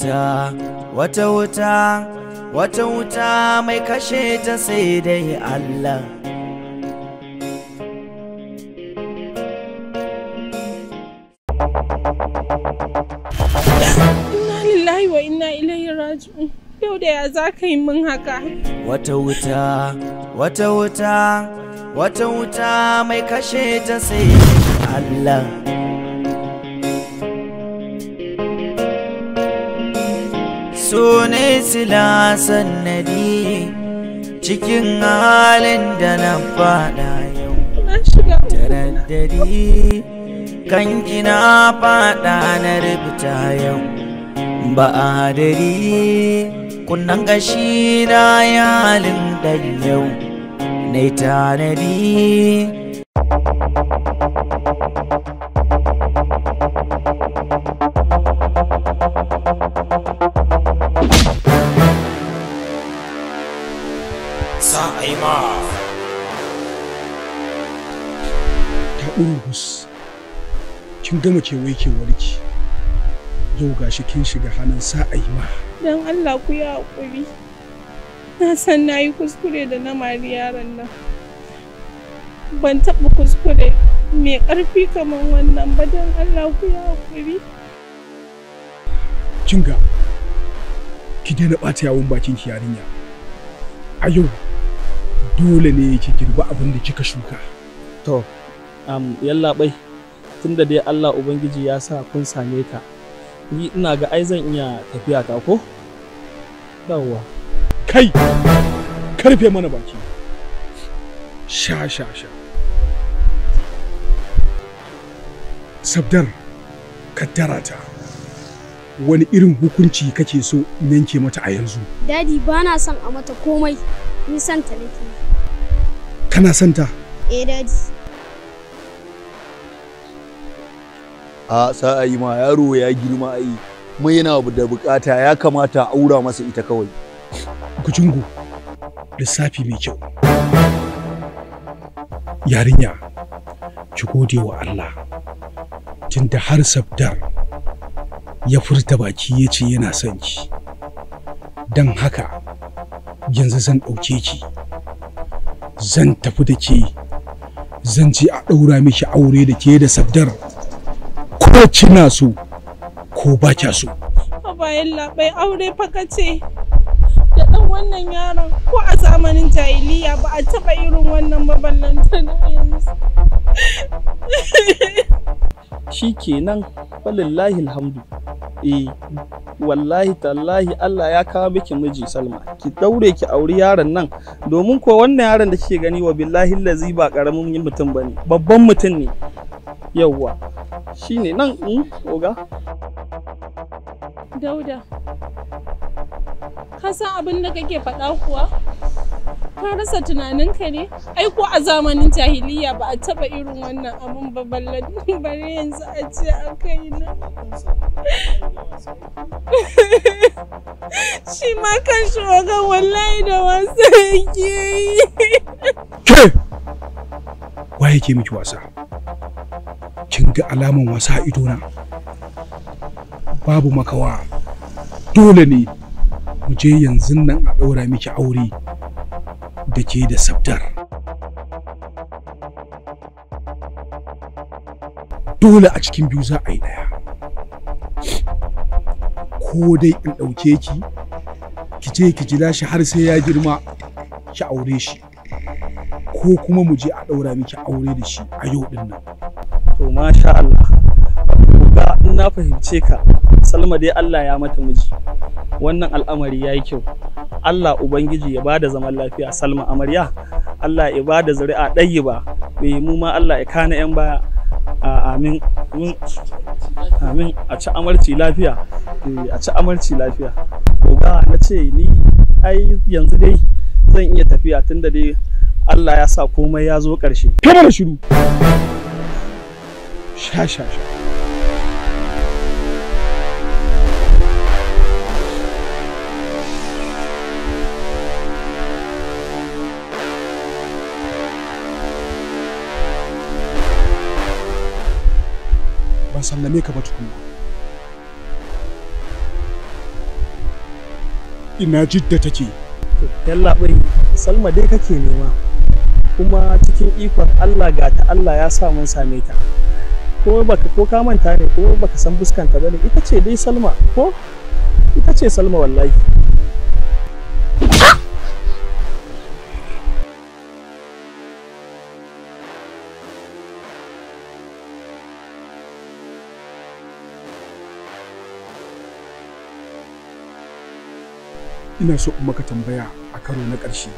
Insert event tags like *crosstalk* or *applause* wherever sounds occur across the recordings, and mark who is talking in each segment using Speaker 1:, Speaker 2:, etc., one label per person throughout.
Speaker 1: wuta wata wuta wata wuta mai kashe ta sai dai Allah
Speaker 2: lillahi wa inna ilaihi raji'un yau da ya za ka yi min haka
Speaker 1: wata wuta wata wuta wata wuta mai kashe ta sai Allah so ne sila sannadi cikin halin da na fada yau taraddadi kan gina fada na rubuta yau ba a dari kunnan gashi na yalin dan yau ne tanadi
Speaker 3: kin gama kewaye warki yau gashi kin shiga hannun sa'ai ma
Speaker 2: don allah ku yi haƙuri na san na yi kuskure da na mari yaron nan ban taɓa kuskure mai ƙarfi kamar wannan ba dan allah ku yi haƙuri
Speaker 3: kinga ki daina ɓata yawon bakin ki yarinya a yau dole ne ki girba abin da kika shuka to
Speaker 4: um, yallaɓai tunda dai Allah Ubangiji ya sa kun same ta ni ina ga ai zan iya tafiya ta ko
Speaker 3: yawwa kai karfe mana baki sha sha sha sabdar kaddara ta wani irin hukunci kake so yanke mata a yanzu
Speaker 4: dadi ba na son a mata komai ni santa nake kana santa eh dadi
Speaker 5: a sa a yi ma yaro ya girma a yi mai yana da bukata ya kamata a aura masa ita
Speaker 3: kawai gujungu lissafi mai kyau yarinya ki gode wa Allah tun da har sabdar ya furta baki ya ce yana son ki don haka yanzu zan ɗauke ki zan tafi da ke zan ce a ɗaura miki aure da ke da sabdar ko cina su ko ba kya so
Speaker 2: bayan labai aure fakace ce da ɗan wannan yaron ko a zamanin jahiliya ba a taɓa irin wannan maballanta na yanzu
Speaker 4: *laughs* shi kenan falillahi alhamdu eh wallahi tallahi Allah ya kawo miki miji Salma ki daure ki auri yaron nan domin ko wannan yaron da kike gani wa billahi lazi ba karamin mutum bane babban mutum ne yawwa shine nan
Speaker 6: in hmm, oga
Speaker 2: dauda ka san abin da kake faɗa kuwa ka rasa tunanin ka ne ai ko a zamanin jahiliya ba a taba irin wannan abin ba *laughs* bare yanzu a ce a kai na *laughs* shi ma kan shi wallahi da wasa yake yi
Speaker 3: ke waye ke miki wasa kin ga alaman wasa idona babu makawa dole ne mu je yanzu nan a ɗaura miki aure da ke da sabtar. dole a cikin biyu za a yi ɗaya ko dai in ɗauke ki ki je ki jira shi har sai ya girma ki aure shi ko kuma mu je a ɗaura miki aure da shi a yau ɗin nan to masha Allah
Speaker 4: ga na fahimce ka salma dai Allah ya mata miji wannan al'amari ya yi kyau Allah ubangiji ya bada zaman lafiya salma amarya Allah ya bada zuri'a ɗayi ba mai eh, mu ma Allah ya kana yan baya amin amin a ci amarci lafiya eh, a ci amarci lafiya ga na ce ni ai yanzu dai zan iya tafiya tunda dai Allah ya sa komai ya zo ƙarshe
Speaker 7: Kamar
Speaker 3: da shiru sha sha sha ban sallame ka ba tukunna ina jidda take yalla bai salma dai kake nema kuma
Speaker 4: cikin ikon allah ga ta allah ya sa mun same ta ko baka ko ka manta ne ko baka san fuskanta bane ita ce dai Salma ko ita ce Salma wallahi
Speaker 3: ina so in maka tambaya a karo na ƙarshe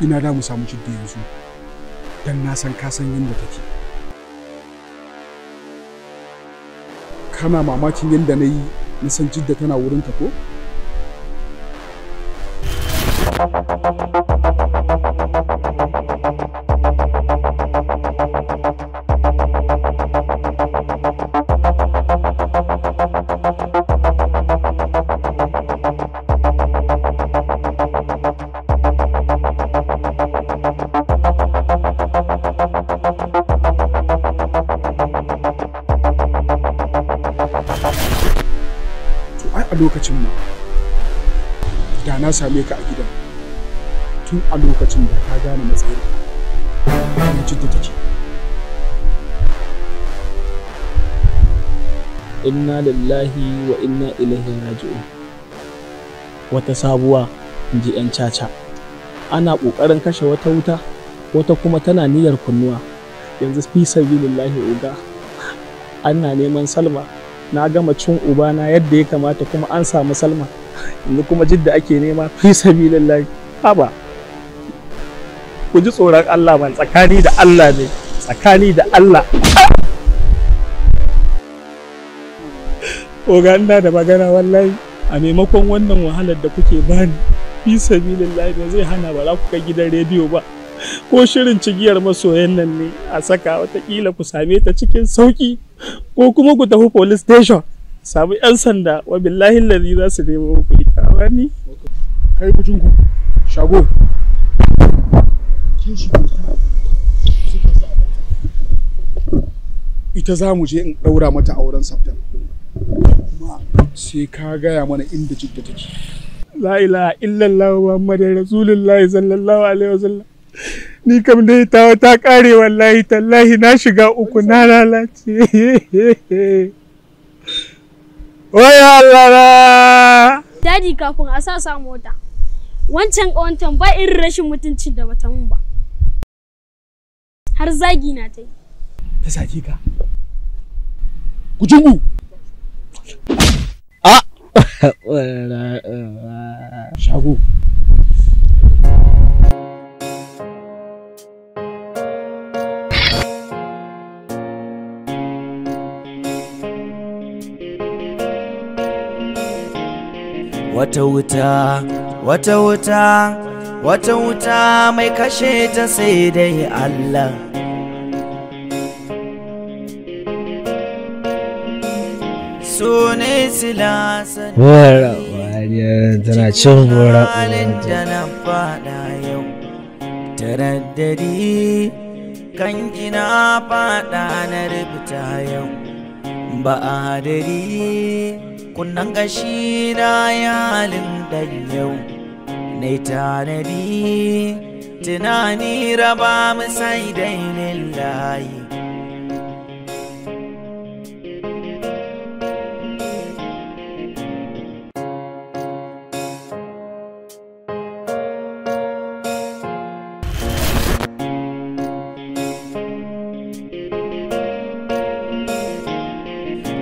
Speaker 3: ina da mu samu da yanzu don na san ka san yadda take kana mamakin yadda na yi na san jidda tana wurin ta ko lokacin ma da na same ka a gidan tun a lokacin da ka gane matsayin na da take
Speaker 4: inna lillahi wa inna ilaihi raji'un wata sabuwa in ji 'yan caca ana ƙoƙarin kashe wata wuta wata kuma tana niyyar kunnuwa yanzu fi sabilillahi uga ana neman salma na gama cin ubana yadda ya kamata kuma an samu salma yanzu kuma jidda ake nema fi lallai haba ku ji tsoron Allah ban tsakani da Allah ne tsakani da Allah ina da magana wallahi a maimakon wannan wahalar da kuke bani fi lallai ba zai hana ba za ku ga gidan rediyo ba ko shirin cigiyar masoyan nan ne a saka watakila ku same ta cikin sauki ko kuma ku tafi police station samu yan sanda wa billahi lazi za su nemo ku ita amma ni
Speaker 3: kai kucin ku shago ita za mu je in ɗaura mata auren sabta kuma sai ka gaya mana inda jidda take la ilaha illallah muhammadur rasulullahi sallallahu alaihi wasallam
Speaker 4: ni kam dai ta ta kare wallahi tallahi na shiga uku na lalace *laughs*
Speaker 7: Wai Allah na
Speaker 4: dadi kafin a sa sa mota wancan kawantan ba irin rashin mutuncin da bata mun ba har zagi na ta yi
Speaker 3: ta saki ka Ku gujungu a shago
Speaker 1: wata wuta wata wuta wata wuta mai kashe ta sai dai Allah silasa
Speaker 8: tana cin
Speaker 7: gora
Speaker 1: da fada yau taraddadi kan gina fada na rubuta yau ba kunnan gashi na yalin dan yau na tanadi tunani raba mu dainin layi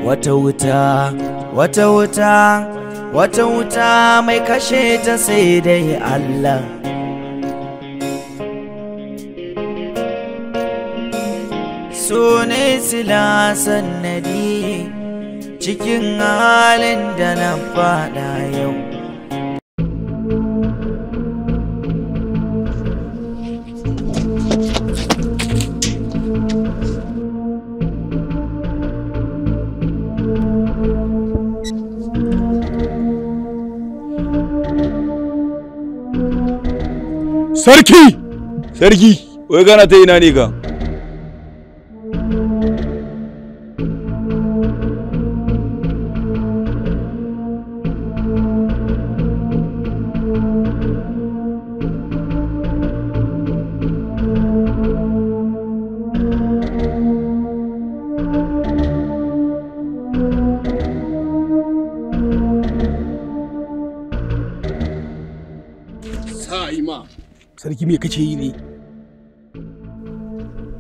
Speaker 1: wata wuta wata wuta wata wuta mai kashe ta sai dai Allah ne silasan nadi cikin halin da na faɗa yau
Speaker 5: Sarki! Sarki, wai gana ta ina ne ka?
Speaker 3: Sa'ima. sarki me kake yi ne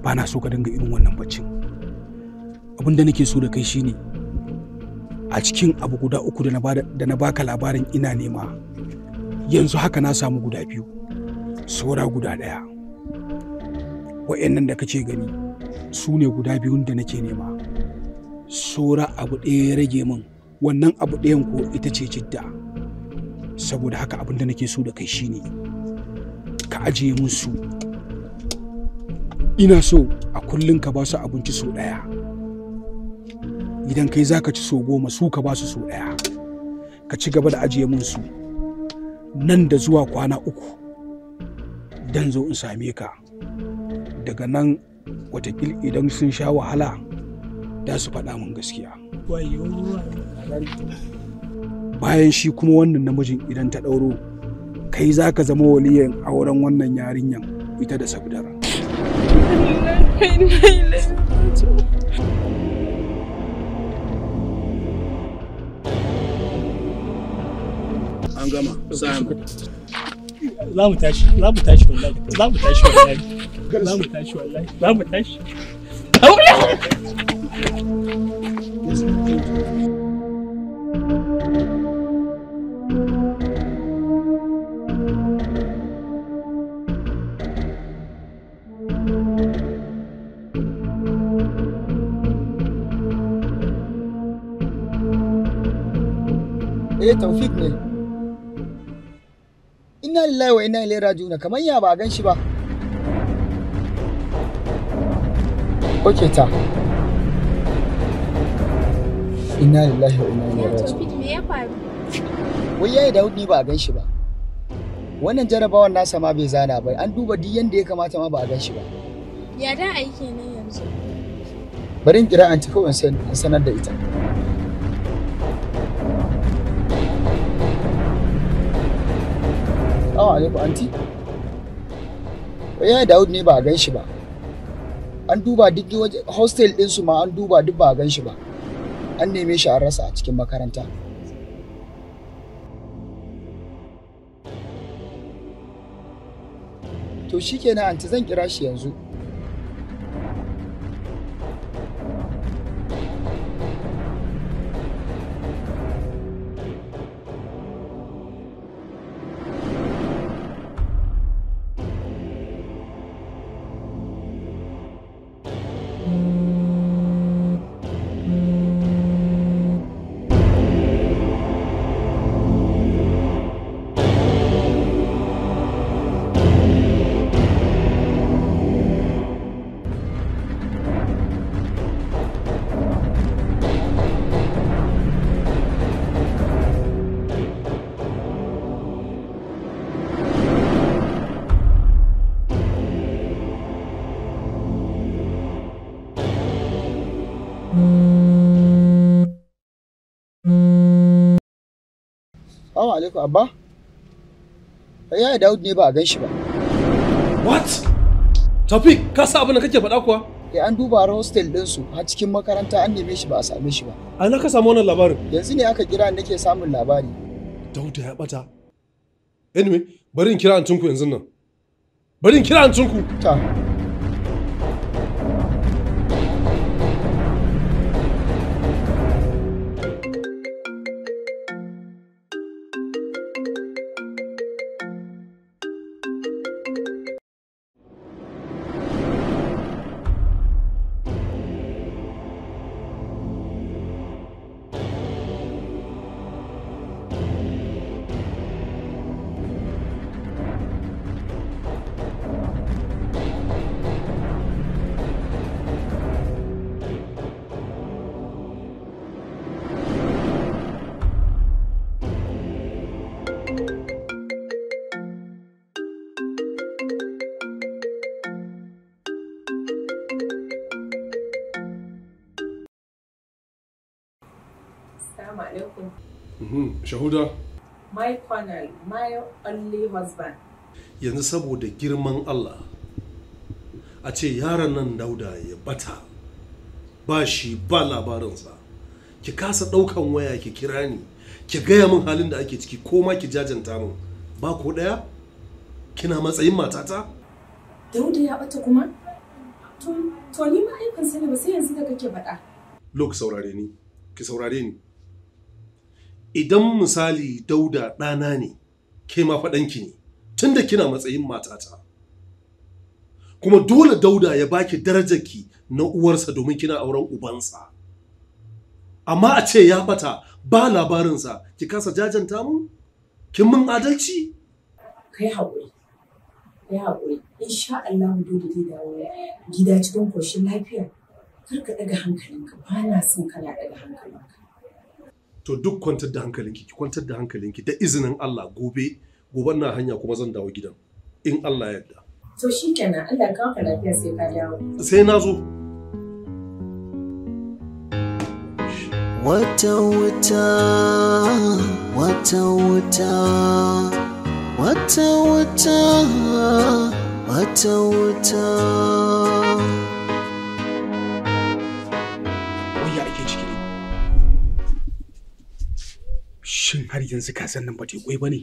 Speaker 3: ba na so ka dinga irin wannan baccin abin da nake so da kai shine a cikin abu guda uku da na baka labarin ina nema yanzu haka na samu guda biyu saura guda ɗaya wa'annan da kace gani su ne guda biyun da nake nema saura abu ɗaya ya rage min wannan abu ɗayan ko ita ce jidda saboda haka abin da nake so da kai shine ne ka ajiye musu ina so a kullun ka ba su abinci sau ɗaya idan kai za ka ci sau goma su ka ba su sau ɗaya ka ci gaba da ajiye musu nan da zuwa kwana uku dan zo in same ka daga nan watakil idan sun sha wahala da su faɗa mun gaskiya bayan shi kuma wannan namijin idan ta ɗauro kai za ka zama waliyan auren wannan yarinyan ita da sabdar
Speaker 7: an
Speaker 4: gama za mu tashi za mu tashi wallahi za mu tashi wallahi za mu tashi wallahi za mu tashi Yes, thank you.
Speaker 5: ya taufik ne Ina lillahi wa ina ilaihi raji'un kamar ya ba gan shi ba ok ta Ina lillahi wa ina ilaihi raji'un me ya faru wai yayi da hudi ba gan shi ba wannan jarabawan nasa ma bai zana ba an duba duk yanda ya kamata ma ba a gan shi ba
Speaker 8: ya da aiki ne yanzu
Speaker 5: bari in kira anti ko in sanar da ita Assalamu alaikum anti. Yaya Dawud ne ba a gan shi ba. An duba duk waje hostel din su ma an duba duk ba a gan shi ba. An neme shi an rasa a cikin makaranta. To shi shikenan anti zan kira shi yanzu. Assalamu alaikum abba. Yaya Dawud ne ba a gan shi ba. What? Tafi, ka sa abin da kake faɗa kuwa? Eh an duba har hostel ɗinsu har cikin makaranta an neme shi ba a same shi ba.
Speaker 9: A na ka samu wannan labarin? Yanzu ne aka kira nake samun labari. Dauda ya ɓata. Anyway, bari in kira an tunku yanzu nan. Bari in kira an tunku. Ta. Shahuda.
Speaker 10: My panel my only husband.
Speaker 9: Yanzu saboda girman Allah, a ce yaran nan dauda ya bata ba shi ba labarinsa. Ki kasa ɗaukan waya ki kira ni, ki gaya min halin da ake ciki ko ma ki jajanta min. Ba ko ɗaya? Kina matsayin matata?
Speaker 10: Dauda ya bata kuma? To, to ni ma aikin sani ba sai yanzu da kake baɗa.
Speaker 9: Lok saurare ni, ki saurare ni. idan misali dauda ɗana ne ke ma faɗanki ne tunda kina matsayin matata kuma dole dauda ya baki darajarki na uwarsa domin kina auren ubansa amma a ce ya fata ba labarinsa ki kasa jajanta mu kin mun adalci kai haƙuri
Speaker 5: kai haƙuri in sha Allah dole zai dawo gida cikin koshin lafiya kar ka daga hankalinka ba na son kana daga
Speaker 9: hankalinka to duk kwantar da hankalinki ki kwantar da hankalinki da izinin Allah gobe gobe na hanya kuma zan dawo gidan in Allah yarda
Speaker 10: to shikenan Allah ka ka lafiya sai ka dawo
Speaker 9: sai na zo
Speaker 6: wata wuta wata wuta wata wuta wata wuta
Speaker 3: Shin har yanzu san nan ba ta kwai ba ne?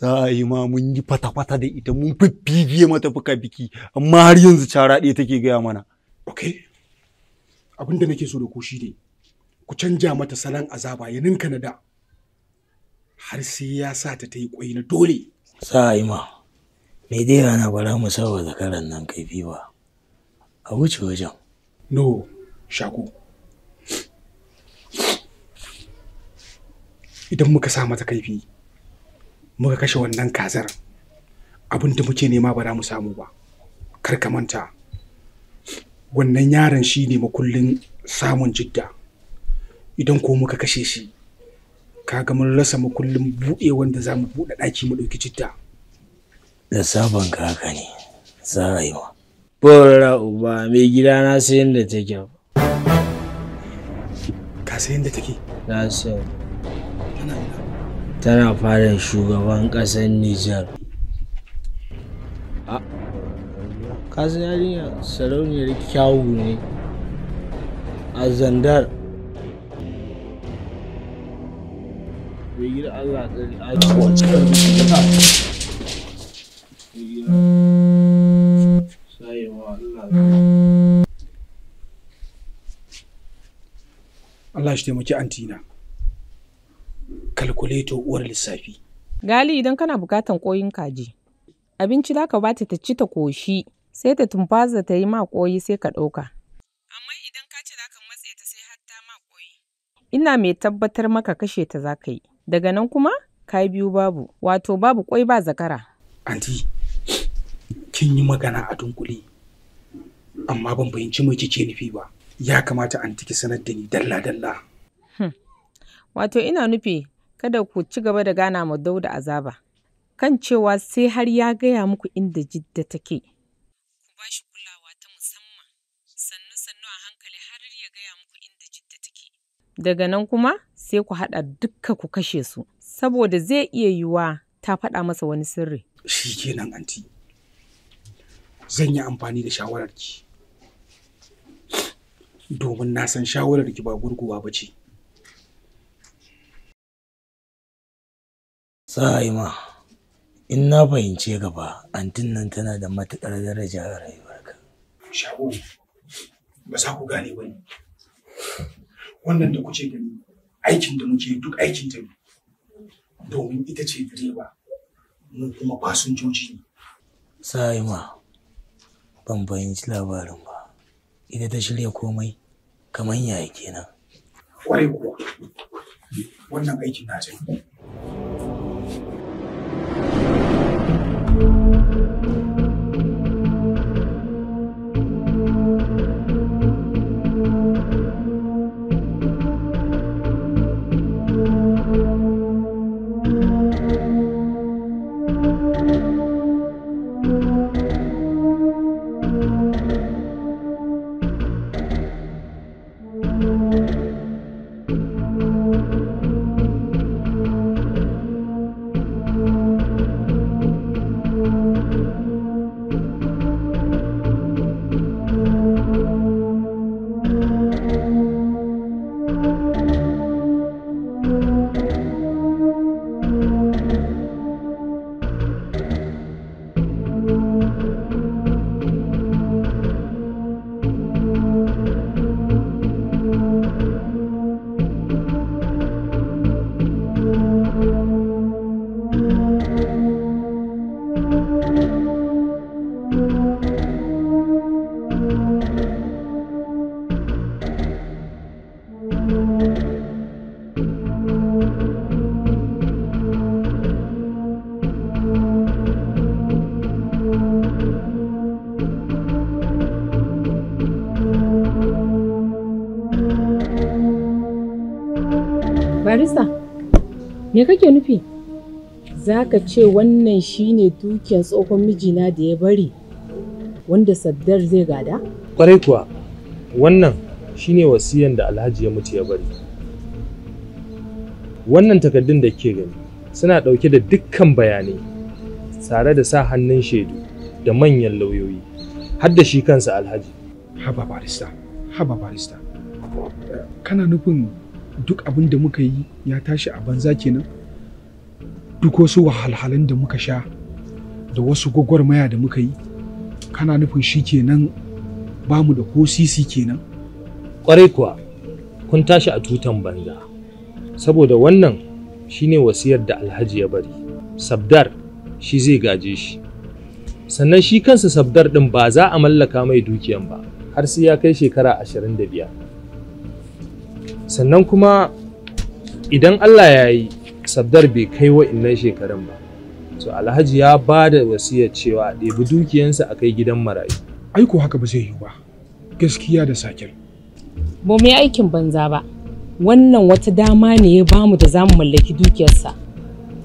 Speaker 3: Za yi ma mun yi fata-fata da ita mun fiffigiye mata fuka biki amma har yanzu cara
Speaker 11: ɗaya take gaya mana.
Speaker 3: Ok. Abin da nake so da ku shi ne ku canja mata salon azaba ya ninka na da har sai ya sa ta ta yi kwai na dole.
Speaker 8: Za a yi ma. Me dai rana ba mu sawa zakaran nan kaifi ba.
Speaker 3: A wuce wajen. No, shaku. idan muka sa mata kaifi muka kashe wannan kazar abin da muke nema ba za mu samu ba kar ka manta wannan yaron shi ne makullin samun jidda idan ko muka kashe shi kaga mun rasa makullin buɗe wanda za mu buɗe ɗaki mu ɗauki jidda
Speaker 8: da sabon kaka ne za a yi wa Bora uba mai gida na sayan da take
Speaker 3: ka sayan da take na sayan
Speaker 8: tana fara shugaban ƙasar Nijar. kasan yarinya sarauniyar kyawu ne a zandar
Speaker 3: Allah shi taimaki antina. kalkuleto uwar lissafi.
Speaker 10: Gali idan kana bukatan koyin kaji, abinci za ka bata ta ci ta koshi sai ta tumfaza ta yi ma koyi sai ka ɗauka. Amma idan ka ce za ka matse ta sai har ta ma koyi. Ina mai tabbatar maka kashe ta za ka yi. Daga nan kuma ka biyu babu, wato babu kwai ba zakara.
Speaker 3: Anti, kin yi magana a dunkule, amma ban fahimci mai kike nufi ba. Ya kamata anti ki sanar da ni dalla-dalla.
Speaker 10: Hmm. Wato ina nufi Kada ku ci gaba da gana wa Dauda azaba, kan cewa sai har ya gaya muku inda Jidda take. Ku ba shi kulawa ta musamman, sannu-sannu
Speaker 7: a hankali har ya gaya
Speaker 10: muku inda Jidda take. Daga nan kuma sai ku haɗa dukka ku kashe su, saboda zai iya yiwuwa ta faɗa masa wani sirri.
Speaker 3: Shi kenan anti. Zan yi amfani da shawararki. Domin na san shawararki ba gurguwa ba ce. Sa'ima,
Speaker 8: in na fahimce ka antin nan tana da matuƙar daraja a rayuwarka.
Speaker 3: Shago, ba za ku gane ba ne. Wannan da kuke gani, aikin da muke duk aikin ta domin ita ce direba, mu kuma fasinjoji ne.
Speaker 8: Sa'ima, ban fahimci labarin ba. Ita ta shirya komai, kamar yaya kenan. Kwarai kuwa,
Speaker 3: wannan aikin na ce.
Speaker 10: Me kake nufi? zaka ce wannan shine dukiyar tsohon mijina da ya bari wanda Saddar zai gada?
Speaker 4: Kwarai kuwa, wannan shine wasiyan da Alhaji ya mutu ya bari. Wannan takardun da ke gani suna ɗauke da dukkan bayanai
Speaker 3: tare da sa hannun shaidu da manyan lauyoyi, har da shi kansa Alhaji. Haba barista, haba barista. Kana nufin duk abin da muka yi ya tashi a banza kenan duk wasu wahalhalun da muka sha da wasu gwagwarmaya da muka yi kana nufin shi kenan ba mu da ko sisi kenan kwarai kuwa kun tashi a tutan banza
Speaker 4: saboda wannan shine wasiyar da alhaji ya bari sabdar shi zai gaje shi sannan shi kansa sabdar din ba za a mallaka mai dukiyan ba har sai ya kai shekara ashirin da 25 sannan kuma idan Allah ya yi sabdar bai kai wa'innan shekarun ba so alhaji ya ba da wasiyar cewa ɗebi dukiyansa a kai gidan marayu aiko haka ba zai
Speaker 3: yi ba gaskiya da sakir
Speaker 10: ba mu aikin banza ba wannan wata dama ne ya bamu da zamu mallaki dukiyarsa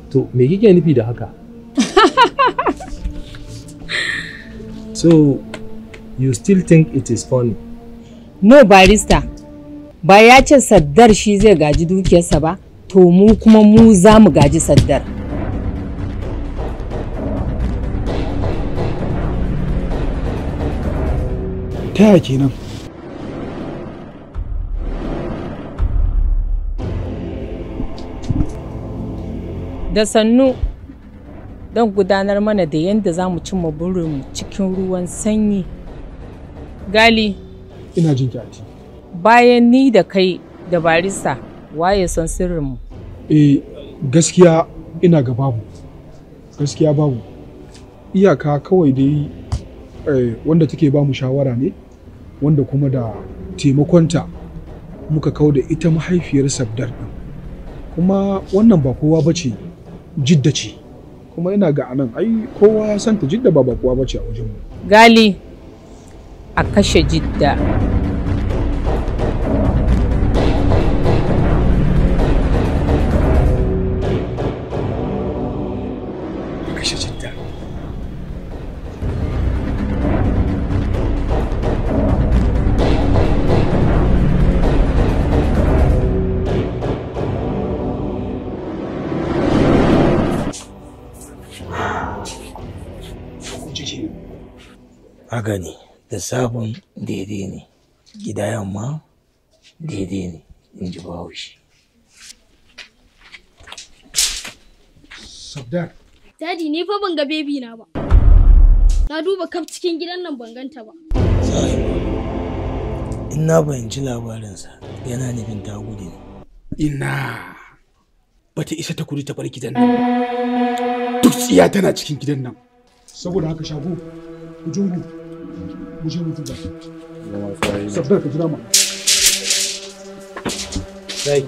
Speaker 9: to me kike nufi da haka *laughs* so you still
Speaker 10: think it is funny no barista ba ya ce saddar shi zai gaji dukiyarsa ba to mu kuma mu za mu gaji saddar ta yaya kenan da sannu don gudanar mana da yadda za mu cimma burinmu cikin ruwan sanyi gali ina jin ki bayan ni da kai da barista waye san sirrinmu
Speaker 3: eh gaskiya ina ga babu gaskiya babu iyaka kawai dai eh, wanda take ba mu shawara ne wanda kuma da taimakonta muka kau da ita mahaifiyar sabdar ɗin kuma wannan ba kowa ba jidda ce kuma ina ga anan ai kowa ya santa jidda ba ba kowa ba ce a wajenmu gali a kashe jidda
Speaker 8: haka da sabon daidai ne gida yamma daidai ne in ji bahaushe
Speaker 2: Daddy
Speaker 4: ni fa ban ga baby na ba. Na duba kaf cikin gidan nan ban ganta ba.
Speaker 8: In na fahimci labarinsa yana nufin ta gudu ne.
Speaker 3: Ina bata isa ta kudi ta bar gidan nan. Duk tsiya tana cikin gidan nan. Saboda haka shago, ku mu ka jira ma dai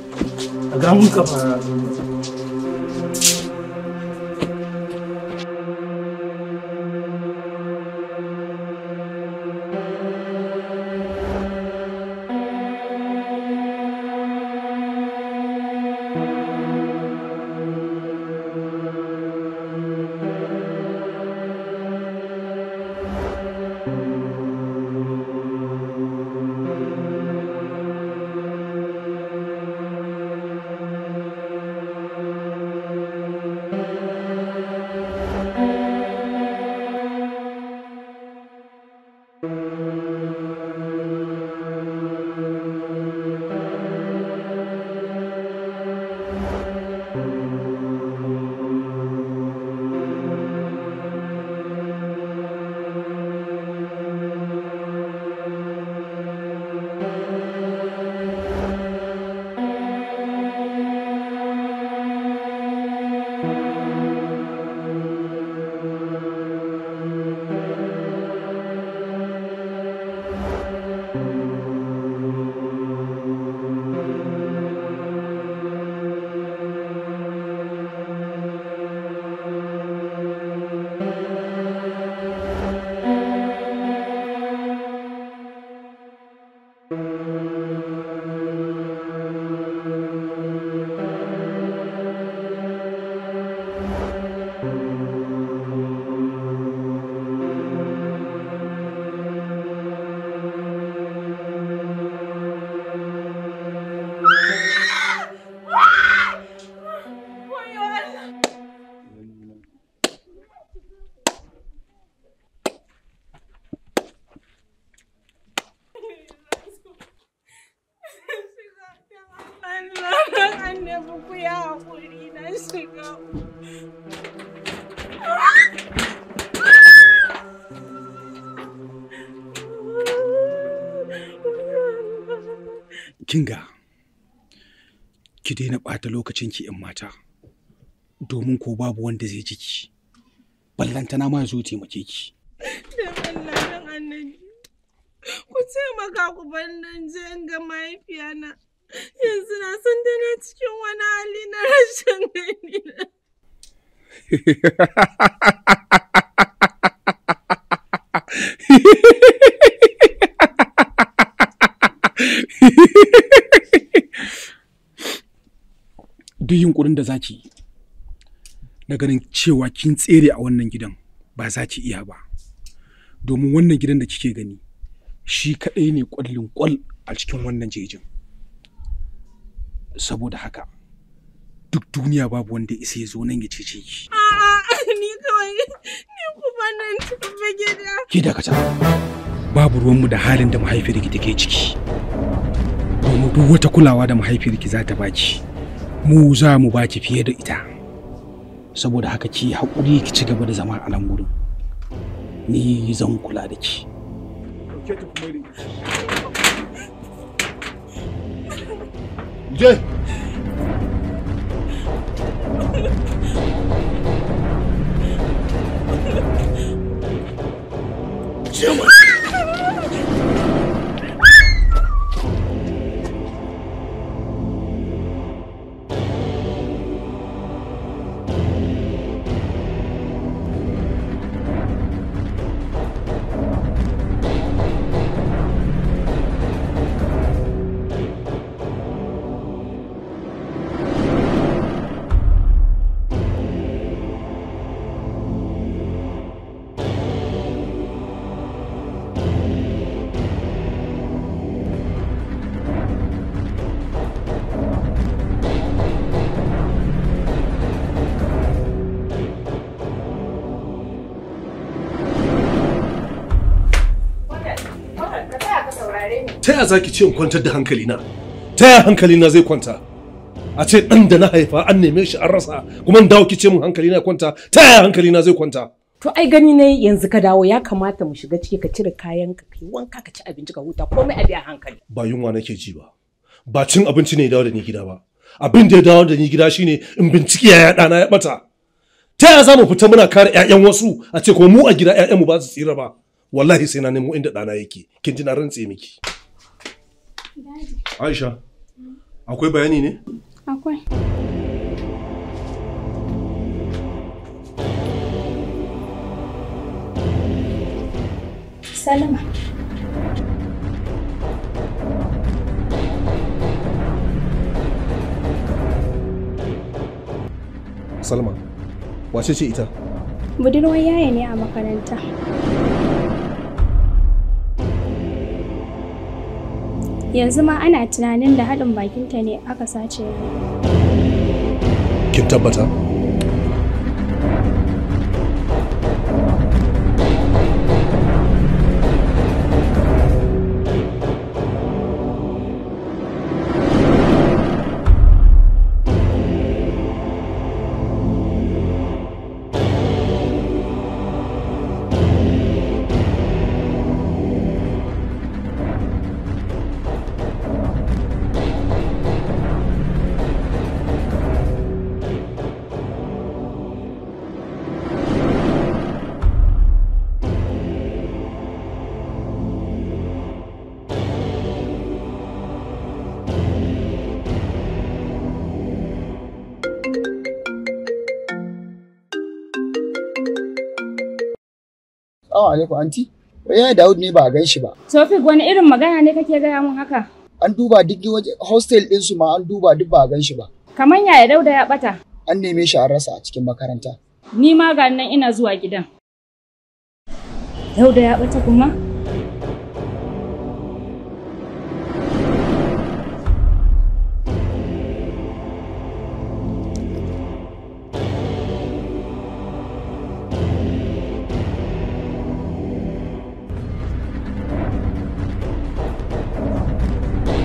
Speaker 3: kinga ki daina ɓata lokacinki in mata domin ko babu wanda zai ji ki ballantana ma zo taimake ki
Speaker 2: dan Allah ku taimaka ku bar nan ga yanzu na san dana cikin wani hali na rashin gani *laughs*
Speaker 3: haƙurin da za ki yi na ganin cewa kin tsere a wannan gidan ba za ki iya ba domin wannan gidan da kike gani shi kaɗai ne ƙwallin ƙwal a cikin wannan jejin saboda haka duk duniya babu wanda isa ya zo nan ya cece ki
Speaker 2: ni kawai ni kuma nan tafi gida
Speaker 3: ki dakata babu ruwanmu da halin da mahaifiyarki take ciki domin duk wata kulawa da mahaifiyarki za ta baki mu za mu baki fiye da ita saboda haka ki haƙuri ki ci gaba da zama a nan gurin ni zan kula da ki
Speaker 7: je
Speaker 9: yaya za ki ce in kwantar da hankalina ta yaya hankalina zai kwanta a ce ɗan da na haifa an neme shi an rasa kuma in dawo ki ce min hankalina ya kwanta ta yaya na zai kwanta
Speaker 10: to ai gani ne yanzu ka dawo ya kamata mu shiga ciki ka cire kayan ka kai wanka ka ci abinci ka huta komai a biya hankali
Speaker 9: ba yunwa nake ji ba ba cin abinci ne ya dawo da ni gida ba abin da ya dawo da ni gida shine in binciki yaya ɗana ya ɓata ta yaya za mu fita muna kare 'ya'yan wasu a ce ko mu a gida mu ba su tsira ba wallahi sai na nemo inda ɗana yake kin ji na rantse miki Aisha, akwai bayani ne?
Speaker 7: Akwai.
Speaker 4: Salama.
Speaker 9: Salma, wace ce ita?
Speaker 2: Budurwar yaya ne a makaranta. yanzu ma ana tunanin da haɗin bakinta ne aka sace
Speaker 9: kin tabbata
Speaker 5: Assalamu alaikum anti. Yaya eh, Dawud ne ba a gan shi ba. Tofik wani irin magana ne kake gaya mun haka? An duba duk waje hostel din su ma an duba duk ba a gan ba. Kaman yaya Dauda ya bata? An neme shi an rasa a cikin makaranta. Ni ma ga nan ina zuwa gidan. Dauda ya bata kuma?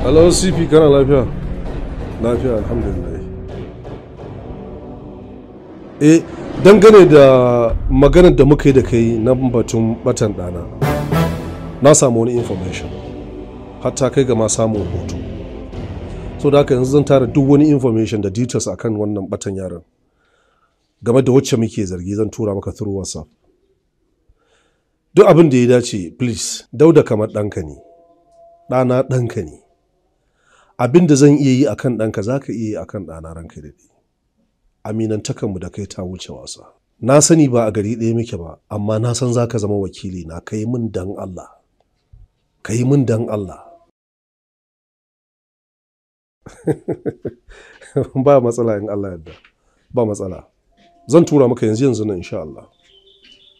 Speaker 9: Hello CP kana lafiya? Lafiya alhamdulillah. Eh dangane da maganar da muka yi da kai na batun batan ɗana. Na samu wani information. Hatta kai ga ma samun hoto. So da haka yanzu zan tara duk wani information da details akan wannan batan yaron. Game da wacce muke zargi zan tura maka through WhatsApp. Duk abin da ya dace please dauda kamar ɗanka ne. Ɗana ɗanka ne. abin da zan iya yi a kan ɗanka za ka iya yi kan ɗana ranka da ɗi aminantakanmu da kai ta wuce wasa na sani ba a gari ɗaya muke ba amma na san za ka zama wakili na ka yi min dan Allah ka yi min dan Allah *laughs* ba matsala in Allah yadda ba matsala zan tura maka yanzu yanzu na insha Allah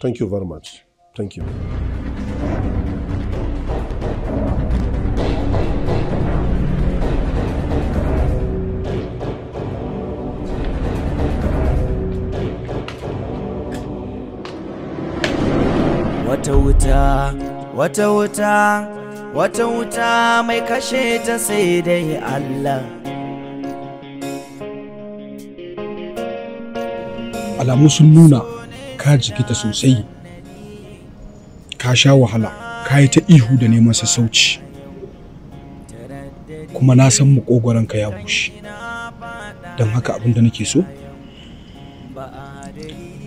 Speaker 9: thank you very much thank you
Speaker 1: wata wuta wata wuta wata wuta mai kashe ta sai dai Allah
Speaker 3: alamu sun nuna ka jikita sosai ka sha wahala ka yi ta ihu da neman sassauci kuma na san makogoranka ya bushe don haka abinda nake so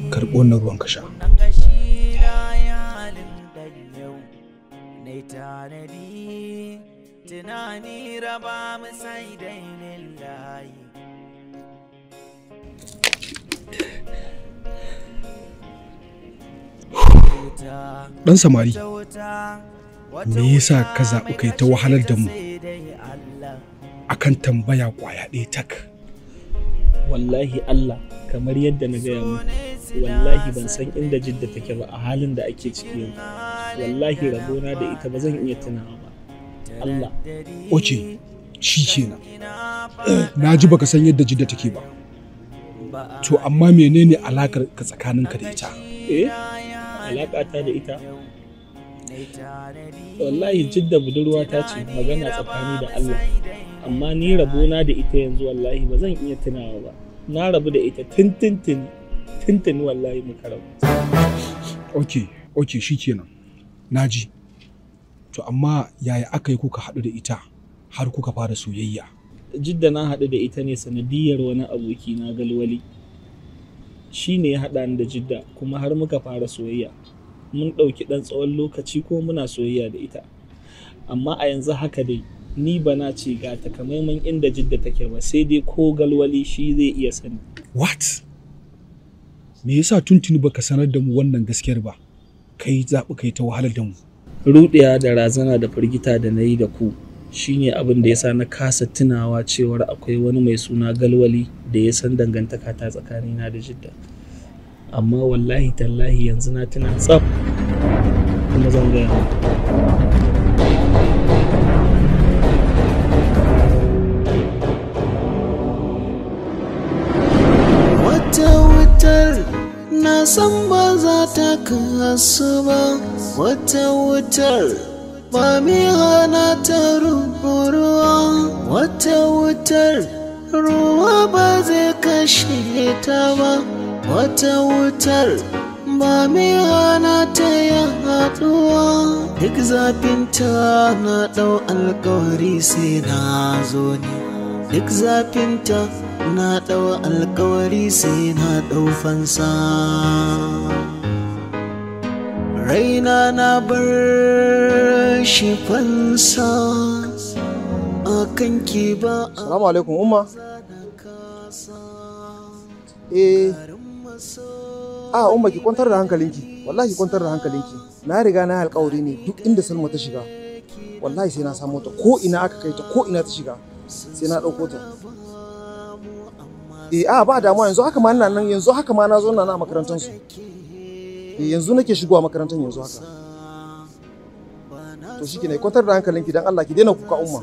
Speaker 3: karɓo wannan ruwan
Speaker 1: ka sha tanadi tunani raba mu dainin layi ɗan samari me yasa
Speaker 3: ka zaɓi kai ta wahalar da mu akan tambaya kwaya ɗaya tak
Speaker 4: wallahi Allah kamar yadda na gaya mu wallahi ban san inda jidda take ba a halin da ake ciki
Speaker 7: yanzu wallahi rabona da ita
Speaker 4: ba zan iya tunawa ba
Speaker 3: Allah oce shi kenan *clears throat* na ji baka san yadda jidda take ba to amma menene alakar ka tsakaninka da ita
Speaker 1: eh
Speaker 4: alaka ta da ita wallahi jidda budurwa ta ce magana tsakani da Allah amma ni rabona da ita yanzu wallahi ba zan iya tunawa ba na rabu da ita tintin tintin wallahi muka rabu
Speaker 3: ok ok kenan. naji to amma yaya aka yi kuka haɗu da ita har kuka fara soyayya
Speaker 4: jidda na haɗu da ita ne sanadiyar wani aboki na galwali shi ne ya haɗa ni da jidda kuma har muka fara soyayya mun ɗauki ɗan tsawon lokaci ko muna soyayya da ita amma a yanzu haka dai ni bana ce ga takamaiman inda jidda take ba sai dai ko galwali shi zai iya sani
Speaker 3: what me yasa tuntuni baka sanar da mu wannan gaskiyar ba kai zaɓi kai ta wahalar da mu
Speaker 4: Ruɗiya da razana da firgita da na yi da ku shi ne abin da ya sa na kasa tunawa cewar akwai wani mai suna galwali da ya san dangantaka ta tsakanina da jidda amma wallahi tallahi yanzu na tuna tsaf kuma zan gaya
Speaker 6: wata wutar na san ba za ta kasu ba wata wutar ba mi hana ta ruwa wata wutar ruwa ba zai kashe ta ba wata wutar ba mi hana ta yi haɗuwa duk zafin ta na ɗau alkawari sai na zo ne duk zafin ta. na dawa alkawari sai na ɗau fansa raina na bar shi fansa a kan kanki ba salamu alaikum umma eh a ah, umma ki kwantar
Speaker 11: da hankalinki wallahi kwantar da hankalinki na riga na alkawari ne duk inda salma ta shiga wallahi sai na samu ta ko ina aka kai ta ko ina ta shiga sai na ɗauko ta eh a ah, ba damuwa yanzu haka ma ina nan yanzu haka ma na zo na a makarantar su eh yanzu nake shigowa makarantar yanzu haka to shi ne kwantar da ki dan Allah ki daina kuka umma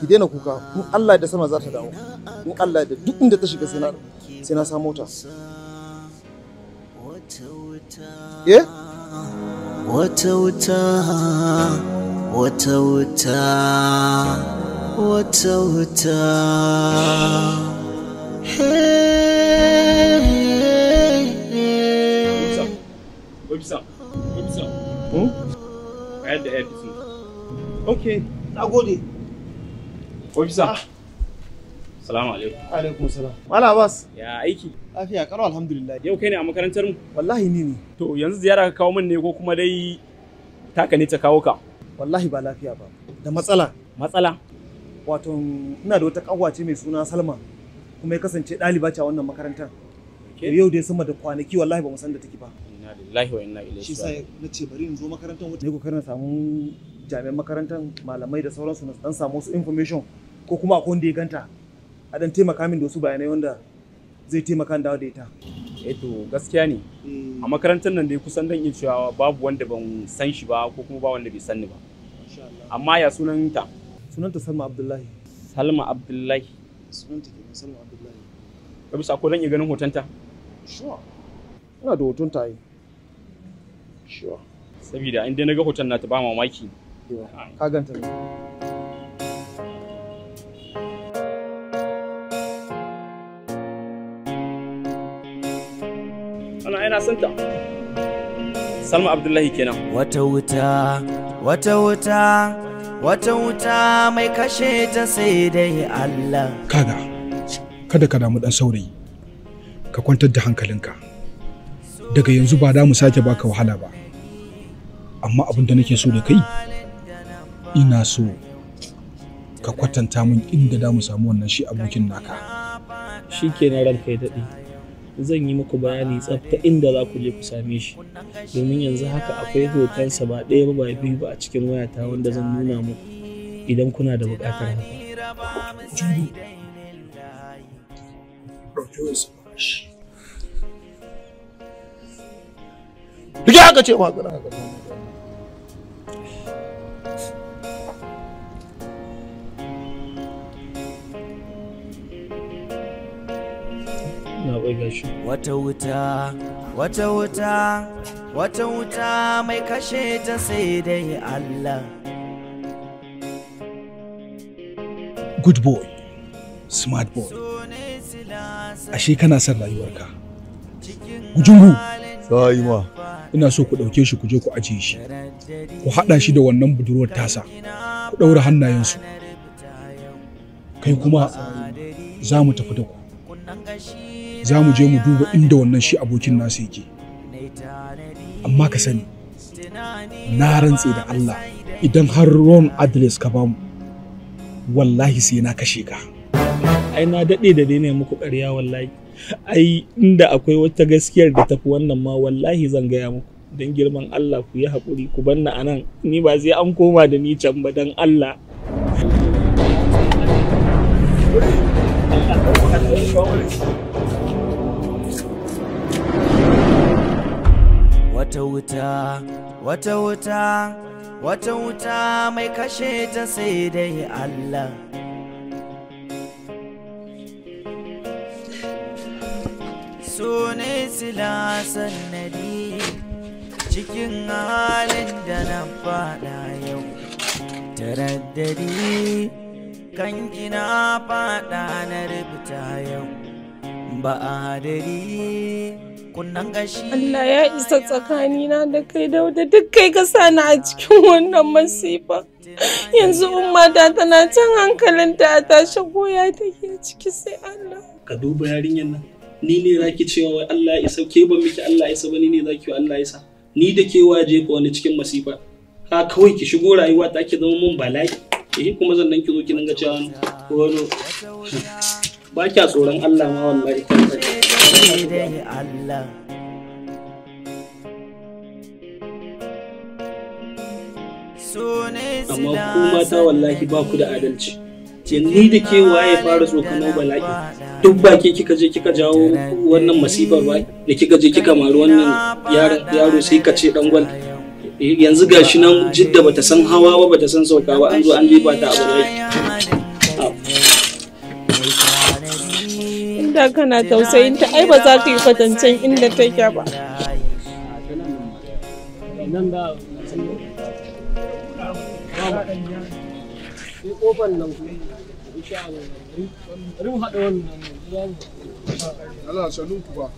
Speaker 11: ki daina kuka in Allah da sama za ta dawo in Allah da duk inda ta shiga sai na sai na samu ta
Speaker 6: eh wata wuta wata wuta wata wuta
Speaker 4: Ok, na gode. Ofisa. Ah. Salamu
Speaker 9: alaikum. Alaikum salam.
Speaker 4: Mala Abbas. Ya aiki. Lafiya karo alhamdulillah. Yau kai ne a makarantar mu? Wallahi ni ne. To yanzu ziyara ka kawo min ne ko kuma dai taka ne ta kawo ka? Wallahi
Speaker 11: ba lafiya ba. Da matsala. Matsala? Wato ina da wata kanwace mai suna Salma. kuma ya kasance ɗaliba ce a wannan makarantar yau dai sama da kwanaki wallahi ba mu san da take ba shi sai na ce bari in zo makarantar wata ne na samu jami'an makarantar malamai da sauransu na dan samu wasu information ko kuma akwai wanda ya ganta a dan taimaka min da wasu bayanai wanda zai taimaka dawo da ita
Speaker 4: eto eh gaskiya ne eh. a makarantar nan dai kusan dan iya cewa babu wanda ban san shi ba ko kuma ba wanda bai san ni ba amma ya sunanta
Speaker 11: sunanta Salma Abdullahi
Speaker 4: Salma Abdullahi sunanta Salma Abdullahi ka bisa ko zan iya ganin hotonta sure ina da hoton sure saboda na ga hoton ba mamaki ka ganta ne ana ina Salma Abdullahi kenan
Speaker 1: wata wuta wata wuta wata wuta mai kashe ta sai dai Allah. kada
Speaker 3: kada ka damu ɗan saurayi, ka kwantar da hankalinka. Daga yanzu ba da mu sake baka wahala ba, amma abin da nake so da kai, ina so ka kwatanta min inda da mu samu wannan shi abokin naka.
Speaker 4: Shi ranka ya daɗe. zan yi muku bayani tsafta inda za ku je ku same shi domin yanzu haka akwai hotonsa ba ɗaya ba biyu ba a cikin wayata wanda zan nuna muku idan kuna da buƙatar haka.
Speaker 1: wata wuta wata wuta wata wuta mai kashe ta sai dai Allah
Speaker 3: good boy smart boy ashe kana son rayuwarka gujungu sai ma ina so ku ɗauke shi ku je ku ajiye shi ku haɗa shi da wannan budurwar tasa ku ɗaura hannayensu kai kuma za mu tafi da ku za mu je mu duba inda wannan shi abokin nasu yake amma ka sani na rantse da Allah idan har wrong address ka bamu wallahi sai na kashe ka
Speaker 4: ai na daɗe da ne muku ƙarya wallahi ai inda akwai wata gaskiyar da tafi wannan ma wallahi zan gaya muku don girman Allah ku yi haƙuri ku banna a nan ni ba zai an koma da ni can ba don Allah.
Speaker 7: Allah
Speaker 1: wata wuta wata wuta wata wuta mai kashe ta sai dai Allah so ne sila sannadi cikin halin da na fada yau taraddadi kan gina fada na rubuta yau ba adari kunnan gashi Allah
Speaker 2: ya isa tsakanina da kai dauda duk kai ka sani a cikin wannan masifa yanzu umma ta tana can hankalinta a tashi goya take ciki sai
Speaker 4: Allah ka duba yarinyar nan ni ne raki cewa wai Allah ya isa ke ban miki Allah ya isa ba ni ne zaki wa Allah ya isa ni da ke waje jefa wani cikin masifa ha kawai ki shigo rayuwa ta ki zama mun bala'i eh kuma zan nan ki zo ki dinga cewa wani ba kya tsoron Allah ma wallahi Allah amma ku mata wallahi ba ku da adalci ni da ke waye fara tsokanar bala'i duk ba ke kika je kika jawo wannan masifar ba da kika je kika mari wannan yaro sai ka ce dan gwal yanzu gashi nan jidda bata san hawa ba bata san sauka ba an zo an jefa ta a
Speaker 1: bala'i
Speaker 2: da kana tausayin ta ai ba za ka yi fatancen inda take ba ba
Speaker 4: Allah ba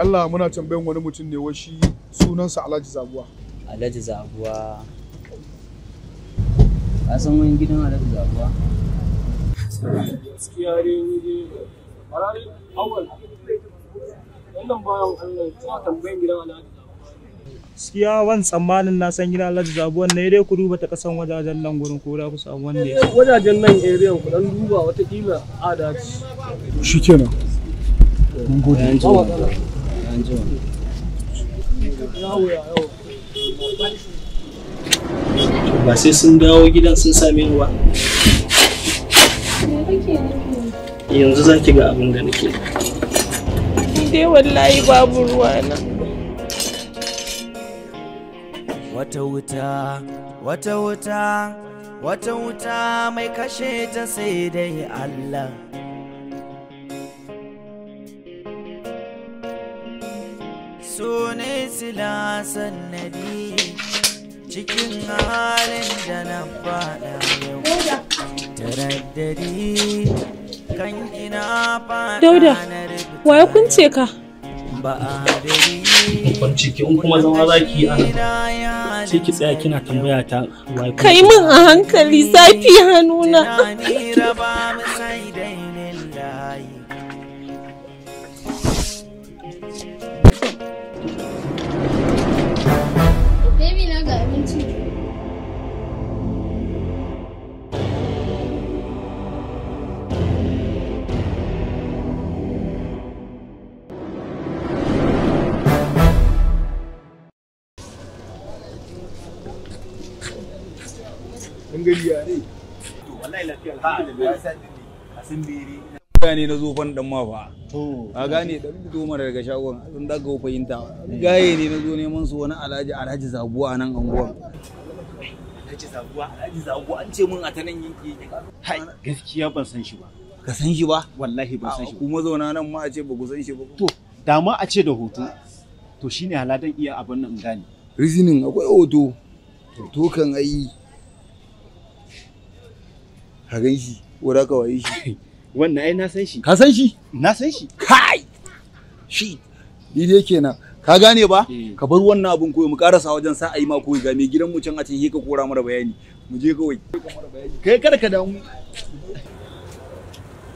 Speaker 7: Allah
Speaker 3: muna tambayin wani mutum ne washi sunansa Alhaji Zabuwa Alhaji Zabuwa
Speaker 4: ka san wani gidan Alhaji Zabuwa gaskiya tsammanin na san gidan Alhaji Zabuwan ne dai ku duba ta kasan wajajen nan gurin ko da ku samu wanda ya wajajen nan area ku dan duba watakila a dace shikenan mun gode an ji an ji ba sai sun dawo gidan sun same ni yanzu za ki ga abin da nake
Speaker 1: dai wallahi babu ruwa na. wata wuta wata wuta wata wuta mai kashe ta sai dai Allah so ne sila sannadi cikin halin da na faɗa
Speaker 2: Dauda, wa ya kunce ka?
Speaker 4: Kwanci ki in kuma zama za ki yi ana. Sai ki tsaya kina tambaya ta wa
Speaker 2: Kai min a hankali zafi hannuna.
Speaker 11: gari ya ne to wallahi gane na zofan dan ma fa a gane ɗan fito mara daga shagon sun daga fahimta eh. gaye ne na zo neman su wani alhaji alhaji zabuwa nan anguwan alhaji zabuwa alhaji zabuwa an ce mun a ta nan yanki yake gaskiya ban san shi ba ka san shi ba wallahi ban san shi kuma zauna nan ma a ce ba ku san shi ba to da ma a ce da hoto to shine haladan iya abin nan gane Rizinin akwai hoto to kan ai ka gan shi ko da ka waye shi *laughs* wannan ai na san shi ka san shi na san shi kai shi ni dai kenan ka gane ba eh. ka bar wannan abun koyo mu karasa wajen sa ayi ma koyi ga mai gidan mu can a can ka kora mana bayani mu je kawai kai kada ka damu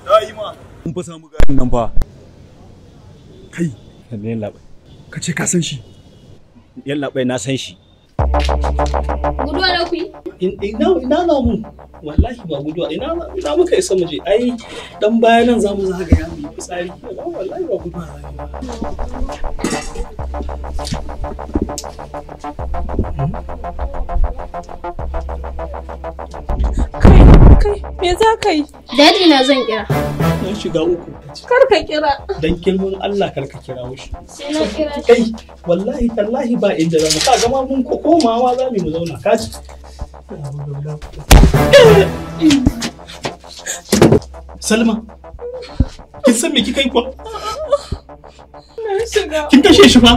Speaker 11: da'i ma
Speaker 4: mun fa samu garin nan fa kai lalle labai ka ce ka san shi yallaɓai na san shi guduwa na
Speaker 6: kuyi ina na mu
Speaker 4: wallahi ba guduwa ina muka isa mu je ai dan baya nan zamu zagaya mu yi fitsari wallahi ba guduwa za ka ba
Speaker 2: hmm? kai? Me za ka yi? Dadi na zan kira.
Speaker 4: na shiga uku.
Speaker 2: Kar ka kira.
Speaker 4: Dan kilmin Allah kar ka kira shi. Sai na kira. Kai wallahi tallahi ba inda zamu ka gama mun ko komawa za mu zauna ka ci. Salma. Kin san me kika yi kuwa? Na shiga. Kin kashe shi fa?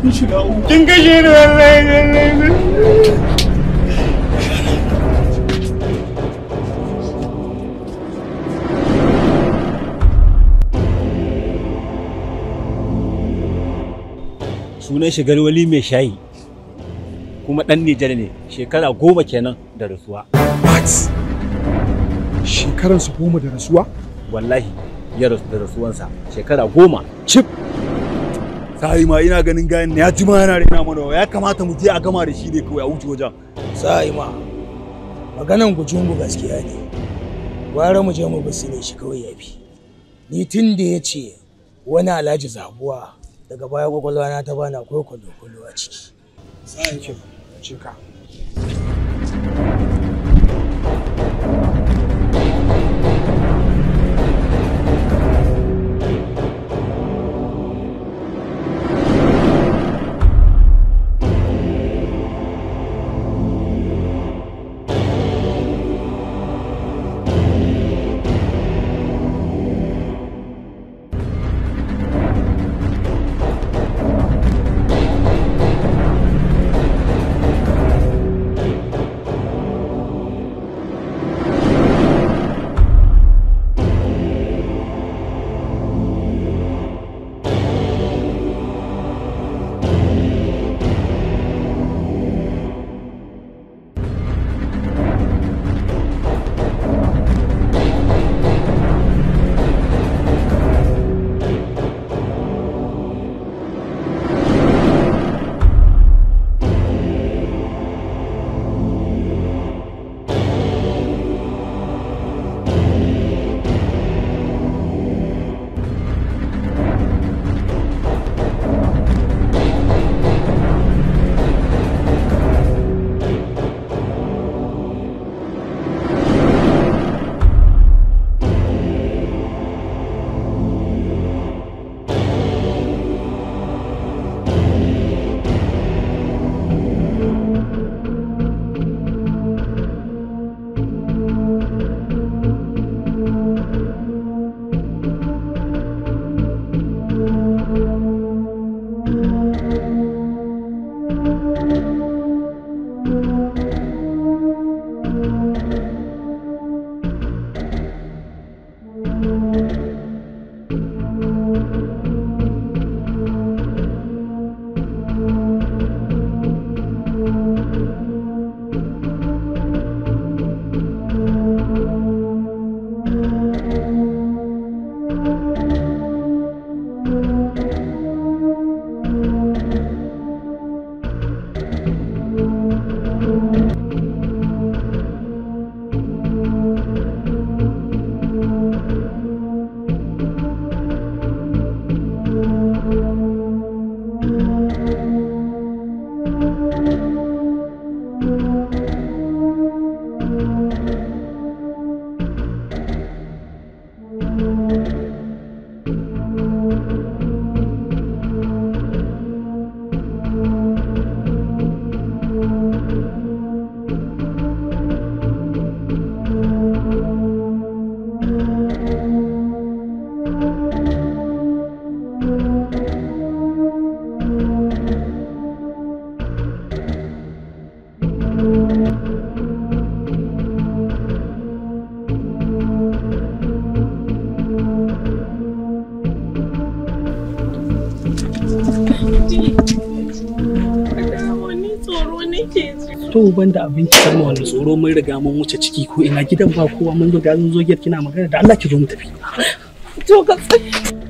Speaker 4: Kin shiga. Kin kashe ni wallahi. sunan shi garwali mai shayi kuma ɗan Nijar ne shekara goma kenan da rasuwa. What?
Speaker 3: Shekaran su goma da rasuwa?
Speaker 4: Wallahi ya rasu da rasuwansa shekara goma cif.
Speaker 11: Sa'i ma ina ganin gayan ya ji ma yana rena mana ya kamata mu je a gama da shi ne kawai a wuce wajen. Sa'i ma maganan gujungu gaskiya ne. Gwara mu je mu
Speaker 8: basile shi kawai ya Ni tun da ya ce wani alhaji zabuwa daga baya kwakwalwa na ta bani akwai kwalo-kwalo a ciki. Thank you. Cika.
Speaker 4: yau ban da abinci kan wanda tsoro mun riga mun wuce ciki ko ina gidan ba kowa mun zo mun zo gidan kina magana da Allah ki zo mu tafi
Speaker 2: to ka